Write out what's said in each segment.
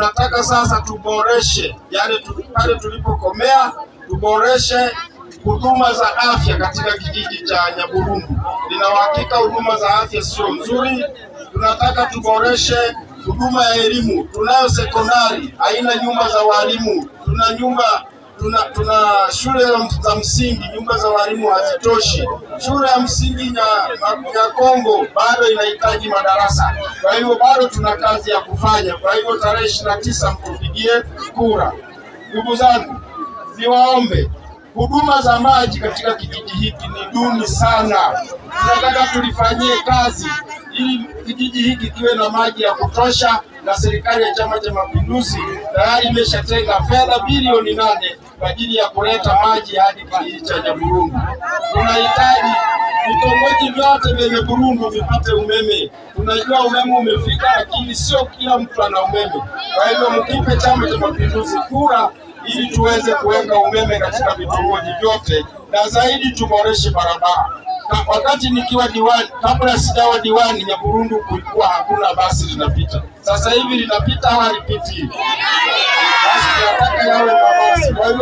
tunataka sasa tuboreshe yale pale tulipokomea, tuboreshe huduma za afya katika kijiji cha Nyaburungu. Nina uhakika huduma za afya sio nzuri, tunataka tuboreshe huduma ya elimu. Tunayo sekondari, haina nyumba za walimu, tuna nyumba tuna, tuna shule za msingi, nyumba za walimu hazitoshi. Shule ya msingi ya, ya Kongo bado inahitaji madarasa, kwa hivyo bado tuna kazi ya kufanya. Kwa hivyo tarehe ishirini na tisa mtupigie kura. Ndugu zangu, niwaombe huduma za maji katika kijiji hiki ni duni sana. Tunataka tulifanyie kazi ili kijiji hiki kiwe na maji ya kutosha, na serikali ya Chama cha Mapinduzi tayari imeshatenga fedha bilioni nane kwa ajili ya kuleta maji hadi kijiji cha Nyaburungu. Tunahitaji vitongoji vyote vyenye Burungu vipate umeme. Tunajua umeme umefika, lakini sio kila mtu ana umeme. Kwa hivyo, mkipe Chama cha Mapinduzi kura ili tuweze kuweka umeme katika vitongoji vyote, na zaidi tuboreshe barabara. Wakati nikiwa diwani, kabla sijawa diwani, Nyaburungu kulikuwa hakuna basi linapita, sasa hivi linapita, halipiti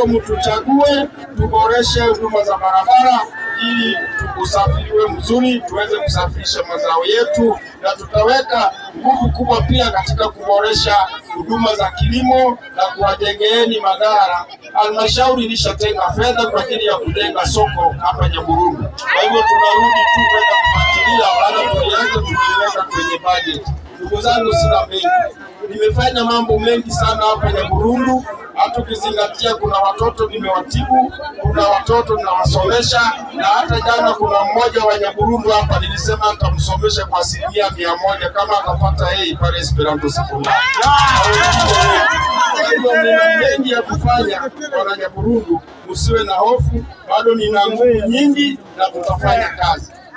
hivyo mtuchague tuboreshe huduma za barabara ili usafiriwe mzuri, tuweze kusafirisha mazao yetu, na tutaweka nguvu kubwa pia katika kuboresha huduma za kilimo na kuwajengeeni magara. Halmashauri ilishatenga fedha kwa ajili ya kujenga soko hapa Nyabulungu, kwa hivyo tunarudi tu kwenda kufuatilia baada tulianza tukiweka kwenye bajeti. Ndugu zangu, sina mengi, nimefanya mambo mengi sana hapa Nyabulungu hata ukizingatia kuna watoto nimewatibu, kuna watoto ninawasomesha, na hata jana kuna mmoja wa Nyaburundu hapa nilisema nitamsomesha kwa asilimia mia moja kama atapata hei pale Esperanto Sekondari. Nina mengi ya kufanya, wana Nyaburundu, msiwe na hofu, bado nina nguvu nyingi na tutafanya kazi.